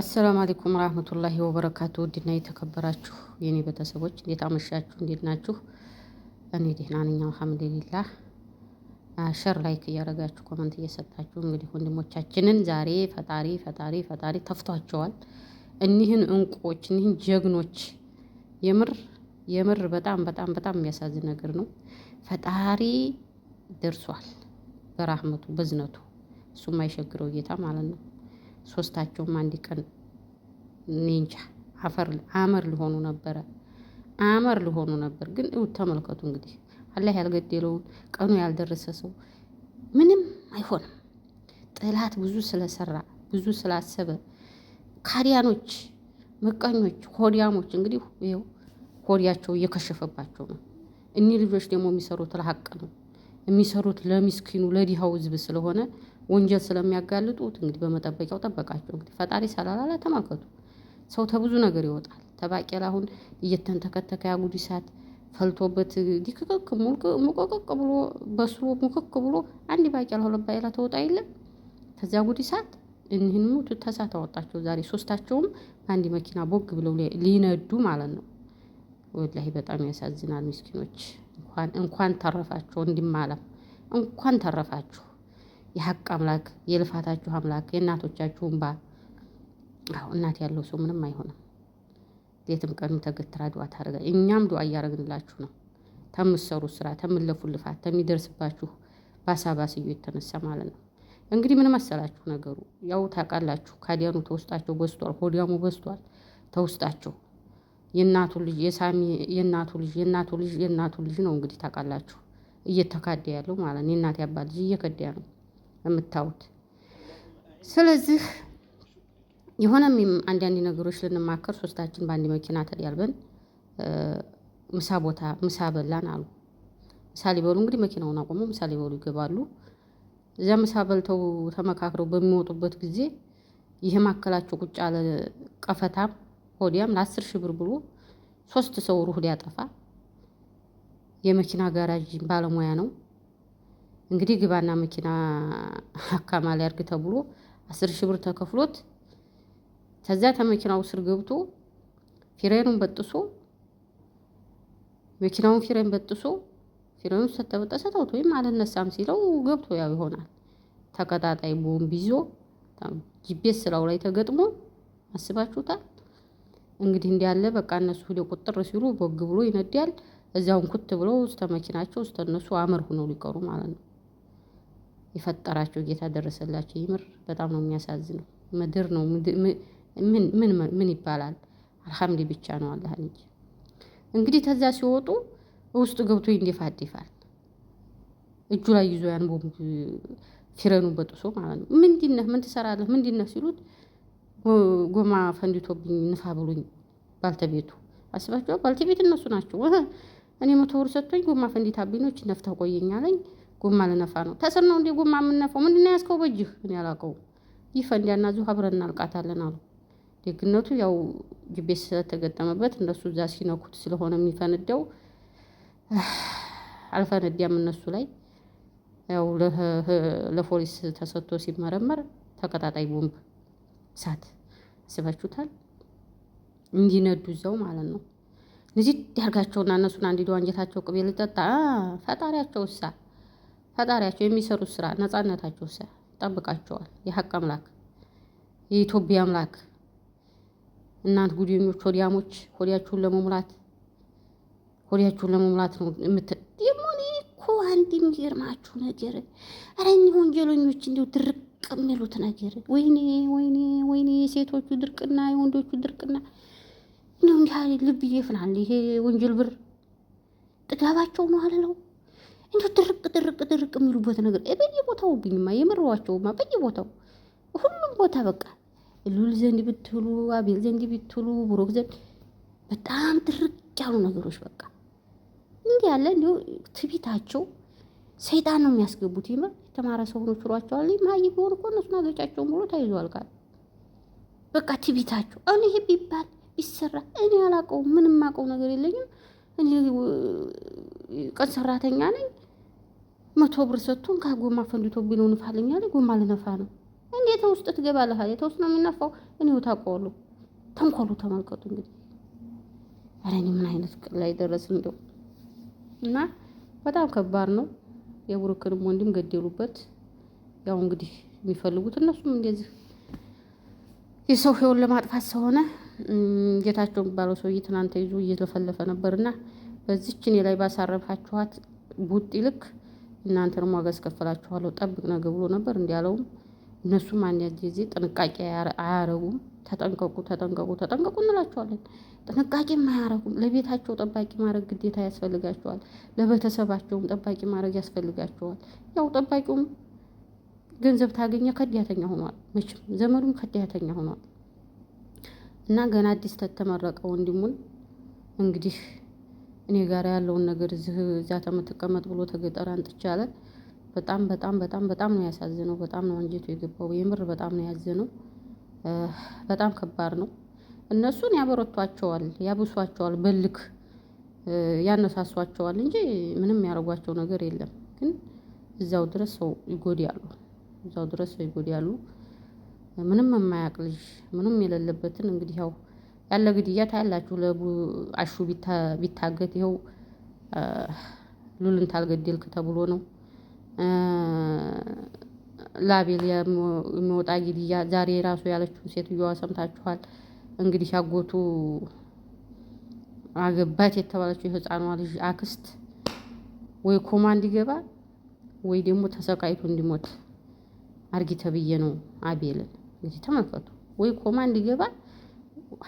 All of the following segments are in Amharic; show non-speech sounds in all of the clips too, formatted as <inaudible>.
አሰላሙ አለይኩም ረህመቱላሂ ወበረካቱ። ውድና የተከበራችሁ የኔ ቤተሰቦች እንዴት አመሻችሁ? እንዴት ናችሁ? እኔ ደህና ነኝ አልሐምዱሊላህ። ሸር ላይክ እያደረጋችሁ ኮመንት እየሰጣችሁ እንግዲህ ወንድሞቻችንን ዛሬ ፈጣሪ ፈጣሪ ፈጣሪ ተፍቷቸዋል። እኒህን እንቁዎች እኒህን ጀግኖች የምር የምር በጣም በጣም በጣም የሚያሳዝን ነገር ነው። ፈጣሪ ደርሷል በራህመቱ በዝነቱ እሱ የማይሸግረው ጌታ ማለት ነው። ሶስታቸውም አንድ ቀን ኔንቻ አፈር አመር ሊሆኑ ነበረ አመር ሊሆኑ ነበር። ግን እው ተመልከቱ እንግዲህ አላህ ያልገደለውን ቀኑ ያልደረሰ ሰው ምንም አይሆንም። ጥላት ብዙ ስለሰራ ብዙ ስላሰበ ካዲያኖች፣ ምቀኞች፣ ሆዲያሞች እንግዲህ ይኸው ሆዲያቸው እየከሸፈባቸው ነው። እኒህ ልጆች ደግሞ የሚሰሩት ለሀቅ ነው የሚሰሩት ለሚስኪኑ ለዲሃው ህዝብ ስለሆነ ወንጀል ስለሚያጋልጡት እንግዲህ በመጠበቂያው ጠበቃቸው። እንግዲህ ፈጣሪ ሰላላላ ተማከቱ። ሰው ተብዙ ነገር ይወጣል። ተባቄላ አሁን እየተንተከተከ ያጉድ እሳት ፈልቶበት ዲክክክ ሙቅቅቅ ብሎ በስሎ ሙክክ ብሎ አንድ ባቄላ ሁለት ባቄላ ተወጣ የለም ከዚያ ጉድ እሳት እኒህን ሙቱ ተሳት አወጣቸው። ዛሬ ሶስታቸውም በአንድ መኪና ቦግ ብለው ሊነዱ ማለት ነው። ወላሂ በጣም ያሳዝናል። ምስኪኖች እንኳን ተረፋቸው እንዲማለም እንኳን ተረፋቸው። የሀቅ አምላክ የልፋታችሁ አምላክ የእናቶቻችሁ እንባ አዎ እናት ያለው ሰው ምንም አይሆንም። ሌትም ቀኑ ተገትራ ዱዓ ታደርጋ እኛም ዱዓ እያደረግንላችሁ ነው። ተምሰሩ ስራ ተምለፉ ልፋት ተሚደርስባችሁ ባሳባስዩ የተነሳ ማለት ነው። እንግዲህ ምን መሰላችሁ ነገሩ ያው ታውቃላችሁ፣ ካዲያኑ ተውስጣቸው በዝቷል፣ ሆዲያሙ በዝቷል ተውስጣቸው የእናቱ ልጅ የሳሚ የእናቱ ልጅ የእናቱ ልጅ የእናቱ ልጅ ነው እንግዲህ ታውቃላችሁ፣ እየተካደ ያለው ማለት ነው። የእናት ያባት ልጅ እየከዳ ነው። የምታዩት። ስለዚህ የሆነም አንዳንድ ነገሮች ልንማከር ሶስታችን በአንድ መኪና ተዳልበን ምሳ ቦታ ምሳ በላን አሉ። ምሳ ሊበሉ እንግዲህ መኪናውን አቆመው ምሳ ሊበሉ ይገባሉ። እዚያ ምሳ በልተው ተመካክረው በሚወጡበት ጊዜ ይህ ማከላቸው ቁጭ ያለ ቀፈታም ሆዲያም ለአስር ሺህ ብር ብሎ ሶስት ሰው ሩህ ሊያጠፋ የመኪና ጋራጅ ባለሙያ ነው። እንግዲህ ግባና መኪና አካማ ላይ አድርግ ተብሎ አስር ሺህ ብር ተከፍሎት ከዚያ ተመኪናው ስር ገብቶ ፊሬኑን በጥሶ መኪናውን ፊሬን በጥሶ ፊሬኑን ስተበጠሰ ተውት ወይም አልነሳም ሲለው ገብቶ ያው ይሆናል ተቀጣጣይ ቦምብ ይዞ ጂቤስ ስራው ላይ ተገጥሞ አስባችሁታል። እንግዲህ እንዲያለ በቃ እነሱ ሁሌ ቁጥር ሲሉ ቦግ ብሎ ይነዳል። እዚያውን ኩት ብለው እስተ መኪናቸው እስተነሱ አመር ሁነው ሊቀሩ ማለት ነው። የፈጠራቸው ጌታ ደረሰላቸው። ይምር በጣም ነው የሚያሳዝነው። ምድር ነው ምን ይባላል? አልሐምድ ብቻ ነው አላህ እንጂ። እንግዲህ ተዛ ሲወጡ ውስጡ ገብቶ ይንደፋደፋል። እጁ ላይ ይዞ ያን ቦምብ ፊረኑ በጥሶ ማለት ነው። ምንድነህ? ምን ትሰራለህ? ምንድነህ ሲሉት ጎማ ፈንድቶብኝ ንፋ ብሎኝ ባልተቤቱ አስባችኋል። ባልተቤት እነሱ ናቸው። እኔ መቶ ብር ሰጥቶኝ ጎማ ፈንዲታ ቢኖች ነፍታ ቆየኛለኝ ጎማ ልነፋ ነው። ተስር ነው እንዴ ጎማ የምነፋው? ምንድን ያስከው በእጅህ? እኔ አላውቀውም። ይህ ፈንዲያና ዙ አብረን እናልቃታለን አሉ። ደግነቱ ያው ጅቤት ስለተገጠመበት እነሱ እዛ ሲነኩት ስለሆነ የሚፈነዳው <sighs> አልፈነዳም። እነሱ ላይ ያው ለፖሊስ ተሰጥቶ ሲመረመር ተቀጣጣይ ቦምብ እሳት ስበችታል እንዲነዱ እዛው ማለት ነው። እነዚህ ያርጋቸውና እነሱን አንዲዶ አንጀታቸው ቅቤ ልጠጣ ፈጣሪያቸው እሳ ፈጣሪያቸው የሚሰሩት ስራ ነጻነታቸው ሰ ጠብቃቸዋል። የሀቅ አምላክ የኢትዮጵያ አምላክ እናንት ጉደኞች ሆዲያሞች ሆዲያችሁን ለመሙላት ሆዲያችሁን ለመሙላት ነው የምት ደግሞ እኔ እኮ አንድ የሚገርማችሁ ነገር ኧረ እኒህ ወንጀለኞች እንዲሁ ድርቅ የሚሉት ነገር ወይኔ ወይኔ ወይኔ የሴቶቹ ድርቅና የወንዶቹ ድርቅና እንዲሁ እንዲህ ልብ ይፍናል። ይሄ ወንጀል ብር ጥጋባቸው ነው አልለው እንደ ድርቅ ድርቅ ድርቅ የሚሉበት ነገር በየቦታው ብኝማ የመረዋቸውማ በየቦታው ሁሉም ቦታ በቃ ሉል ዘንድ ብትሉ አቤል ዘንድ ብትሉ ብሮክ ዘንድ በጣም ድርቅ ያሉ ነገሮች በቃ እንዲህ ያለ እንዲ ትቢታቸው ሰይጣን ነው የሚያስገቡት። ይመ የተማረ ሰው ሆኖ ችሏቸዋል። ማይ ቢሆን እኮ እነሱን ብሎ ተይዟል። ካል በቃ ትቢታቸው እኔ ይሄ ቢባል ቢሰራ እኔ አላውቀውም፣ ምንም አውቀው ነገር የለኝም እኔ ቀን ሰራተኛ ነኝ መቶ ብር ሰጥቶን ከጎማ ፈንድቶብኝ ነው ንፋልኛ አለ። ጎማ ልነፋ ነው እንዴ? ተውስጥ ትገባለህ አለ። ተውስጥ ነው የሚነፋው። እኔው ታቆሉ ተንኮሉ ተመልከቱ እንግዲህ። ኧረ እኔ ምን አይነት ላይ ደረስ እንደው እና በጣም ከባድ ነው። የቡርክንም ወንድም ገደሉበት። ያው እንግዲህ የሚፈልጉት እነሱም እንደዚህ የሰው ህይወት ለማጥፋት ስለሆነ ጌታቸው የሚባለው ሰውዬ ትናንተ ይዞ እየተፈለፈ ነበርና በዚች እኔ ላይ ባሳረፋችኋት ቡጢ ልክ እናንተንም ዋጋ አስከፍላችኋለሁ ጠብቅ ነገ ብሎ ነበር። ያለውም እነሱም አንዳንድ ጊዜ ጥንቃቄ አያረጉም። ተጠንቀቁ ተጠንቀቁ ተጠንቀቁ እንላቸዋለን። ጥንቃቄም አያረጉም። ለቤታቸው ጠባቂ ማድረግ ግዴታ ያስፈልጋቸዋል። ለቤተሰባቸውም ጠባቂ ማድረግ ያስፈልጋቸዋል። ያው ጠባቂውም ገንዘብ ታገኘ ከዲያተኛ ሆኗል። መቼም ዘመዱም ከዲያተኛ ሆኗል እና ገና አዲስ ተተመረቀ ወንድሙን እንግዲህ እኔ ጋር ያለውን ነገር እዚህ እዚያ ተመትቀመጥ ብሎ ተገጠር አንጥቻለ። በጣም በጣም በጣም በጣም ነው ያሳዝነው። በጣም ነው አንጀቱ የገባው። የምር በጣም ነው ያዘነው። በጣም ከባድ ነው። እነሱን ያበረቷቸዋል፣ ያብሷቸዋል፣ በልክ ያነሳሷቸዋል እንጂ ምንም ያደርጓቸው ነገር የለም። ግን እዛው ድረስ ሰው ይጎዳሉ፣ እዛው ድረስ ሰው ይጎዳሉ። ምንም የማያውቅ ልጅ ምንም የሌለበትን እንግዲህ ያው ያለ ግድያ ታያላችሁ። ለቡ አሹ ቢታገት ይኸው ሉልን ታልገደልክ ተብሎ ነው። ላቤል የሚወጣ ግድያ ዛሬ ራሱ ያለችውን ሴትዮዋ ሰምታችኋል። እንግዲህ አጎቱ አገባት የተባለችው የህፃኗ ልጅ አክስት ወይ ኮማ እንዲገባ ወይ ደግሞ ተሰቃይቶ እንዲሞት አርጊ ተብዬ ነው አቤልን እንግዲህ ተመልከቱ። ወይ ኮማ እንዲገባ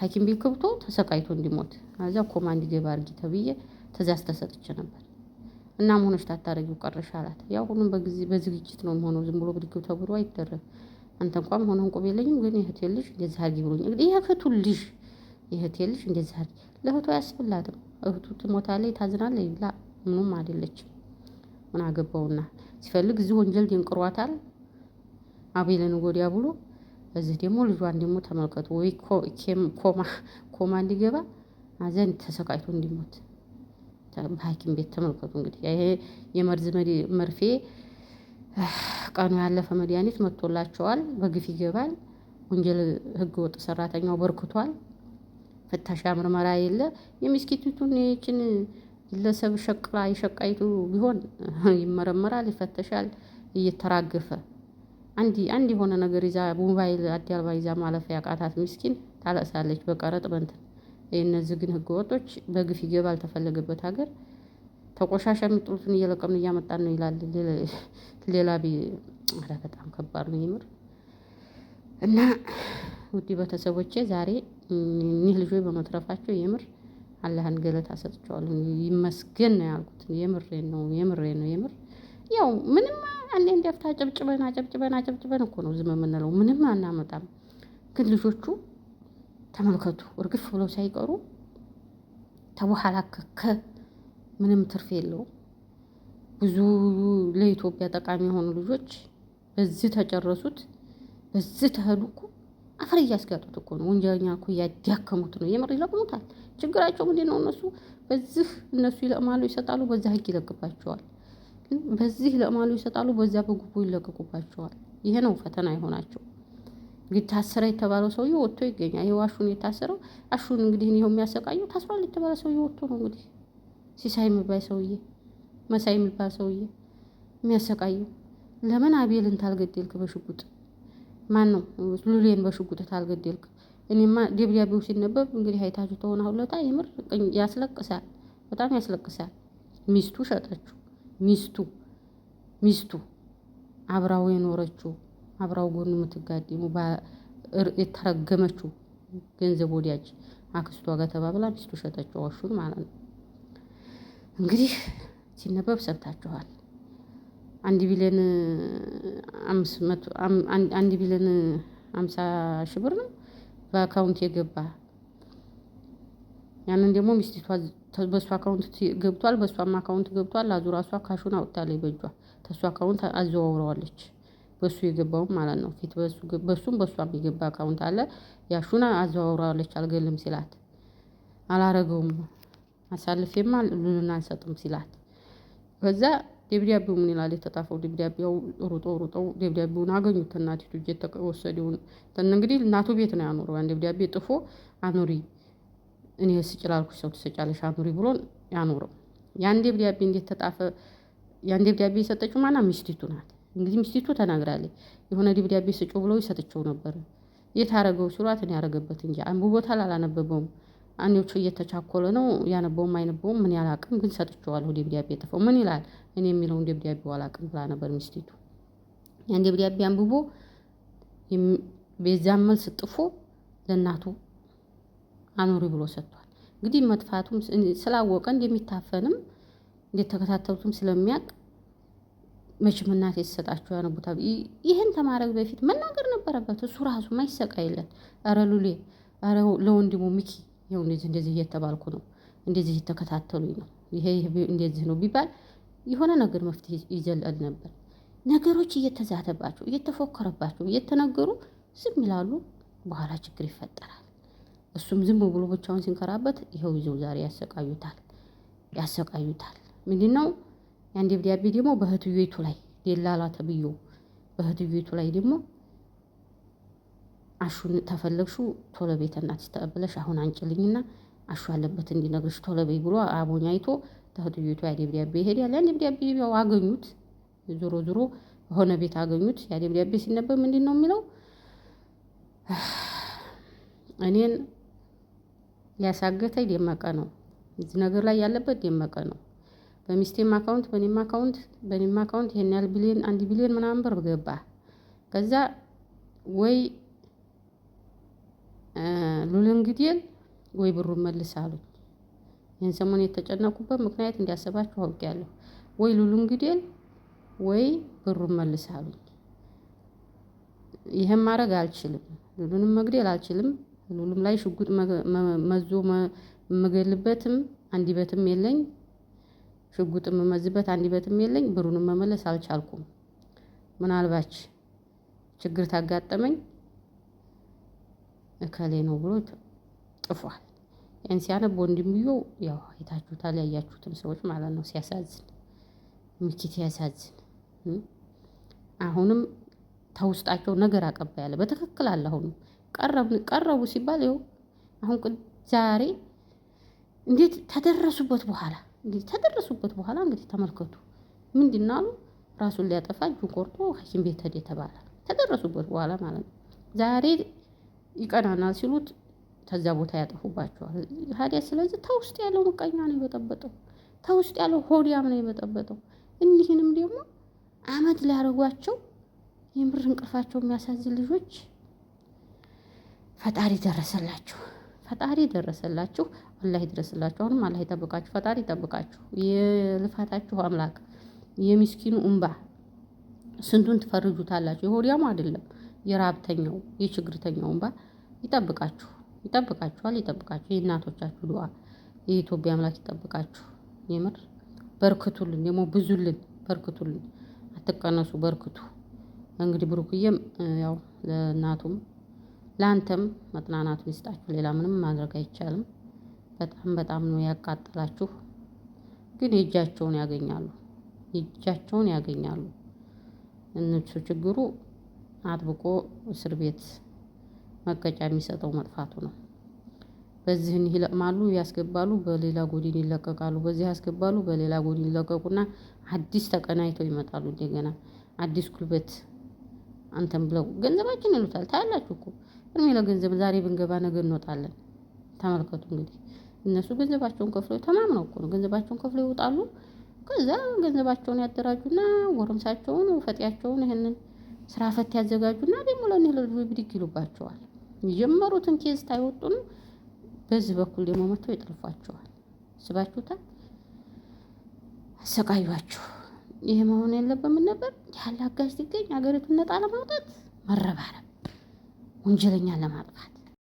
ሐኪም ቤት ገብቶ ተሰቃይቶ እንዲሞት እዚያ ኮማንድ ገባ አርጊ ተብዬ ትእዛዝ ተሰጥቼ ነበር። እና መሆኖች ታታረጊው ቀረሽ አላት። ያው ሁሉም በጊዜ በዝግጅት ነው የሚሆነው። ዝም ብሎ ብድግብ ተብሎ አይደረግ። አንተ እንኳን ሆነ እንቁብ የለኝም ግን እህቴ ልጅ እንደዚህ አርጊ ብሎኝ እንግዲህ የእህቱ ልጅ የእህቴ ልጅ እንደዚህ አርጊ ለእህቱ አያስብላትም። እህቱ ትሞታለች፣ ታዝናለች። ላ ምኑም አይደለችም። ምን አገባውና ሲፈልግ እዚህ ወንጀል ደንቅሯታል። አቤልን ጎዲያ ብሎ እዚህ ደግሞ ልጇን ደግሞ ተመልከቱ። ወይ ኮማ ኮማ እንዲገባ አዘን ተሰቃይቶ እንዲሞት በሐኪም ቤት ተመልከቱ። እንግዲህ ይሄ የመርዝ መርፌ ቀኑ ያለፈ መድኃኒት መጥቶላቸዋል። በግፍ ይገባል። ወንጀል ህገወጥ ሰራተኛው በርክቷል። ፍተሻ ምርመራ የለ። የሚስኪቲቱን ይችን ግለሰብ ሸቅላ የሸቃይቱ ቢሆን ይመረመራል፣ ይፈተሻል እየተራገፈ አንድ አንድ የሆነ ነገር ይዛ ሞባይል አዲ አልባ ይዛ ማለፍ ያቃታት ምስኪን ታለቅሳለች በቀረጥ በእንትን። እነዚህ ግን ህገወጦች በግፍ ይገባ አልተፈለገበት ሀገር ተቆሻሻ የሚጥሉትን እየለቀምን እያመጣን ነው ይላል። ሌላ ቤ ኧረ በጣም ከባድ ነው ይምር እና ውድ ቤተሰቦቼ ዛሬ እኒህ ልጆች በመትረፋቸው የምር አላህን ገለታ ሰጥቼዋለሁ። ይመስገን ነው ያልኩት። የምሬ ነው የምሬ ነው የምር ያው ምንም አለን ደፍታ አጨብጭበን አጨብጭበን አጨብጭበን እኮ ነው ዝም የምንለው፣ ምንም አናመጣም። ግን ልጆቹ ተመልከቱ፣ እርግፍ ብለው ሳይቀሩ ተበኋላ ከከ ምንም ትርፍ የለው። ብዙ ለኢትዮጵያ ጠቃሚ የሆኑ ልጆች በዚህ ተጨረሱት፣ በዚህ ተሄዱ እኮ አፈር እያስጋጡት እኮ ነው። ወንጀለኛ እኮ እያዳከሙት ነው። የምር ይለቅሙታል። ችግራቸው ምንድን ነው? እነሱ በዚህ እነሱ ይለቅማሉ፣ ይሰጣሉ፣ በዛ ህግ ይለቅባቸዋል። ግን በዚህ ለማሉ ይሰጣሉ፣ በዚያ በጉቦ ይለቀቁባቸዋል። ይሄ ነው ፈተና የሆናቸው። እንግዲህ ታስረ የተባለው ሰውዬ ወጥቶ ይገኛል። ይሄው አሹን የታሰረው አሹን እንግዲህ ይሄው የሚያሰቃየው ታስሯል የተባለ ሰውዬ ወጥቶ ነው እንግዲህ ሲሳይ የሚባል ሰውዬ መሳይ የሚባል ሰውዬ የሚያሰቃየው ለምን አቤልን ታልገደልክ በሽጉጥ ማን ነው ሉሌን በሽጉጥ ታልገደልክ? እኔማ ደብዳቤው ሲነበብ እንግዲህ አይታችሁ ተሆነ ሁለታ የምር ያስለቅሳል፣ በጣም ያስለቅሳል። ሚስቱ ሸጠችው። ሚስቱ ሚስቱ አብራው የኖረችው አብራው ጎኑ የምትጋደመው የተረገመችው ገንዘብ ወዲያጅ አክስቷ ጋር ተባብላ ሚስቱ ሸጠችው፣ ዋሹን ማለት ነው። እንግዲህ ሲነበብ ሰምታችኋል። አንድ ቢሊዮን አንድ ቢሊዮን አምሳ ሺህ ብር ነው በአካውንት የገባ ያንን ደግሞ ሚስቲቷ በእሱ አካውንት ገብቷል፣ በእሷም አካውንት ገብቷል። አዙ ራሷ ካሹን አውጥታለች በእጇ ተሱ አካውንት አዘዋውረዋለች። በሱ የገባውም ማለት ነው ፊት በሱም በሷም የገባ አካውንት አለ። ያሹን አዘዋውረዋለች። አልገልም ሲላት አላረገውም አሳልፌማ ሉሉን አልሰጥም ሲላት ከዛ ደብዳቤው ምን ይላል? የተጣፈው ደብዳቤው ሩጦ ሩጦ ደብዳቤውን አገኙት። እናቲቱ እጅ የተወሰደውን እንግዲህ እናቱ ቤት ነው ያኖረው። ያን ደብዳቤ ጥፎ አኑሪ እኔ ስጭ ላልኩሽ ሰው ትሰጫለሽ አኑሪ ብሎ ያኖረው። የአንዴ ደብዳቤ እንዴት ተጣፈ? የአንዴ ደብዳቤ የሰጠችው ማና ሚስቲቱ ናት። እንግዲህ ሚስቲቱ ተናግራለች። የሆነ ደብዳቤ ስጩ ብለው ይሰጥቸው ነበር። የት አረገው ሲሏት እኔ ያረገበት እንጂ አንብቦታል፣ አላነበበውም። አንዶቹ እየተቻኮለ ነው ያነበውም አይነበውም ምን ያላቅም፣ ግን ሰጥቼዋለሁ ደብዳቤ ጥፈው ምን ይላል እኔ የሚለውን ደብዳቤው አላቅም ብላ ነበር ሚስቲቱ። ያን ደብዳቤ አንብቦ በዛ መልስ ጥፎ ለእናቱ አኑሪ ብሎ ሰጥቷል። እንግዲህ መጥፋቱም ስላወቀ እንደሚታፈንም እንደተከታተሉትም ስለሚያውቅ መቼም እናቴ የተሰጣቸው ያነቡታ ይህን ተማረግ በፊት መናገር ነበረበት። እሱ ራሱ ማይሰቃይለት ረ ሉሌ ኧረ ለወንድሙ ሚኪ ይኸው እንደዚህ እንደዚህ እየተባልኩ ነው እንደዚህ እየተከታተሉኝ ነው ይሄ እንደዚህ ነው ቢባል የሆነ ነገር መፍትሄ ይዘለል ነበር። ነገሮች እየተዛተባቸው እየተፎከረባቸው እየተነገሩ ዝም ይላሉ። በኋላ ችግር ይፈጠራል። እሱም ዝም ብሎ ብቻውን ሲንከራበት ይኸው ይዘው ዛሬ ያሰቃዩታል ያሰቃዩታል። ምንድን ነው ያን ደብዳቤ ደግሞ በእህትዬቱ ላይ ደላላ ተብዮ በእህትዬቱ ላይ ደግሞ አሹን ተፈለግሹ ቶሎ ቤት እናትሽ ተቀብለሽ አሁን አንጭልኝና አሹ ያለበት እንዲነግርሽ ቶሎ በይ ብሎ አቦኝ አይቶ ተህትዩቱ ያ ደብዳቤ ይሄዳል። ያ ደብዳቤ ያው አገኙት፣ ዞሮ ዞሮ ሆነ ቤት አገኙት። ያ ደብዳቤ ሲነበብ ምንድን ነው የሚለው እኔን ያሳገተ ደመቀ ነው። እዚህ ነገር ላይ ያለበት ደመቀ ነው። በሚስቴም አካውንት በኔም አካውንት በኔም አካውንት ይሄን ያህል ቢሊዮን አንድ ቢሊዮን ምናምን ብር ገባ። ከዛ ወይ ሉልን ግዴል ወይ ብሩን መልስ አሉኝ። ይህን ሰሞን የተጨነቁበት ምክንያት እንዲያሰባችሁ አውቄያለሁ። ወይ ሉልን ግዴል ወይ ብሩን መልስ አሉኝ። ይህም ማድረግ አልችልም፣ ሉሉንም መግደል አልችልም። ሁሉም ላይ ሽጉጥ መዞ የምገልበትም አንዲበትም የለኝ ሽጉጥ የምመዝበት አንዲበትም የለኝ። ብሩንም መመለስ አልቻልኩም። ምናልባች ችግር ታጋጠመኝ እከሌ ነው ብሎ ጥፏል። ይህን ሲያነብ ወንድምየው ያው አይታችሁታል፣ ያያችሁትም ሰዎች ማለት ነው። ሲያሳዝን ሚኪት ያሳዝን። አሁንም ተውስጣቸው ነገር አቀባ ያለ በትክክል አለ አሁንም ቀረቡ ሲባል ይኸው አሁን ዛሬ እንዴት ተደረሱበት በኋላ እንግዲህ ተደረሱበት በኋላ እንግዲህ ተመልከቱ ምንድን አሉ ራሱን ሊያጠፋ እጁን ቆርጦ ሐኪም ቤት ሄደ ተባለ። ተደረሱበት በኋላ ማለት ነው። ዛሬ ይቀናናል ሲሉት ከዛ ቦታ ያጠፉባቸዋል። ታዲያ ስለዚህ ተውስጥ ያለው ምቀኛ ነው የበጠበጠው፣ ተውስጥ ያለው ሆዲያም ነው የበጠበጠው። እኒህንም ደግሞ አመድ ሊያደርጓቸው የምር እንቅልፋቸው የሚያሳዝን ልጆች ፈጣሪ ደረሰላችሁ፣ ፈጣሪ ደረሰላችሁ፣ አላህ ይድረስላችሁ። አሁንም አላህ ይጠብቃችሁ፣ ፈጣሪ ይጠብቃችሁ። የልፋታችሁ አምላክ የሚስኪኑ እምባ ስንቱን ትፈርጁታላችሁ። የሆዲያም አይደለም የራብተኛው የችግርተኛው እንባ ይጠብቃችሁ፣ ይጠብቃችኋል፣ ይጠብቃችሁ። የእናቶቻችሁ ዱዓ የኢትዮጵያ አምላክ ይጠብቃችሁ። የምር በርክቱልን፣ ደግሞ ብዙልን፣ በርክቱልን፣ አትቀነሱ፣ በርክቱ። እንግዲህ ብሩክዬም ያው ለእናቱም ለአንተም መጥናናቱን ይስጣችሁ። ሌላ ምንም ማድረግ አይቻልም። በጣም በጣም ነው ያቃጠላችሁ፣ ግን የእጃቸውን ያገኛሉ፣ የእጃቸውን ያገኛሉ። እነሱ ችግሩ አጥብቆ እስር ቤት መቀጫ የሚሰጠው መጥፋቱ ነው። በዚህን ይለቅማሉ ያስገባሉ፣ በሌላ ጎድን ይለቀቃሉ። በዚህ ያስገባሉ፣ በሌላ ጎድን ይለቀቁና አዲስ ተቀናይተው ይመጣሉ። እንደገና አዲስ ጉልበት አንተም ብለው ገንዘባችን ይሉታል። ታያላችሁ እኮ የሚለው ገንዘብ ዛሬ ብንገባ ነገ እንወጣለን። ተመልከቱ እንግዲህ እነሱ ገንዘባቸውን ከፍለው ተማምነው እኮ ነው ገንዘባቸውን ከፍሎ ይወጣሉ። ከዛ ገንዘባቸውን ያደራጁና ጎረምሳቸውን ፈጤያቸውን ይህንን ስራ ፈት ያዘጋጁና ደግሞ ለእኔ ለልጆ ብድግ ይሉባቸዋል። የጀመሩትን ኬዝ ታይወጡን በዚህ በኩል ደግሞ መጥተው ይጠልፏቸዋል። ስባችሁታል፣ አሰቃዩቸው። ይህ መሆን የለበትም ነበር። ያለ አጋዥ ሲገኝ ሀገሪቱን ነጣ ለማውጣት መረባረብ ወንጀለኛ ለማጥፋት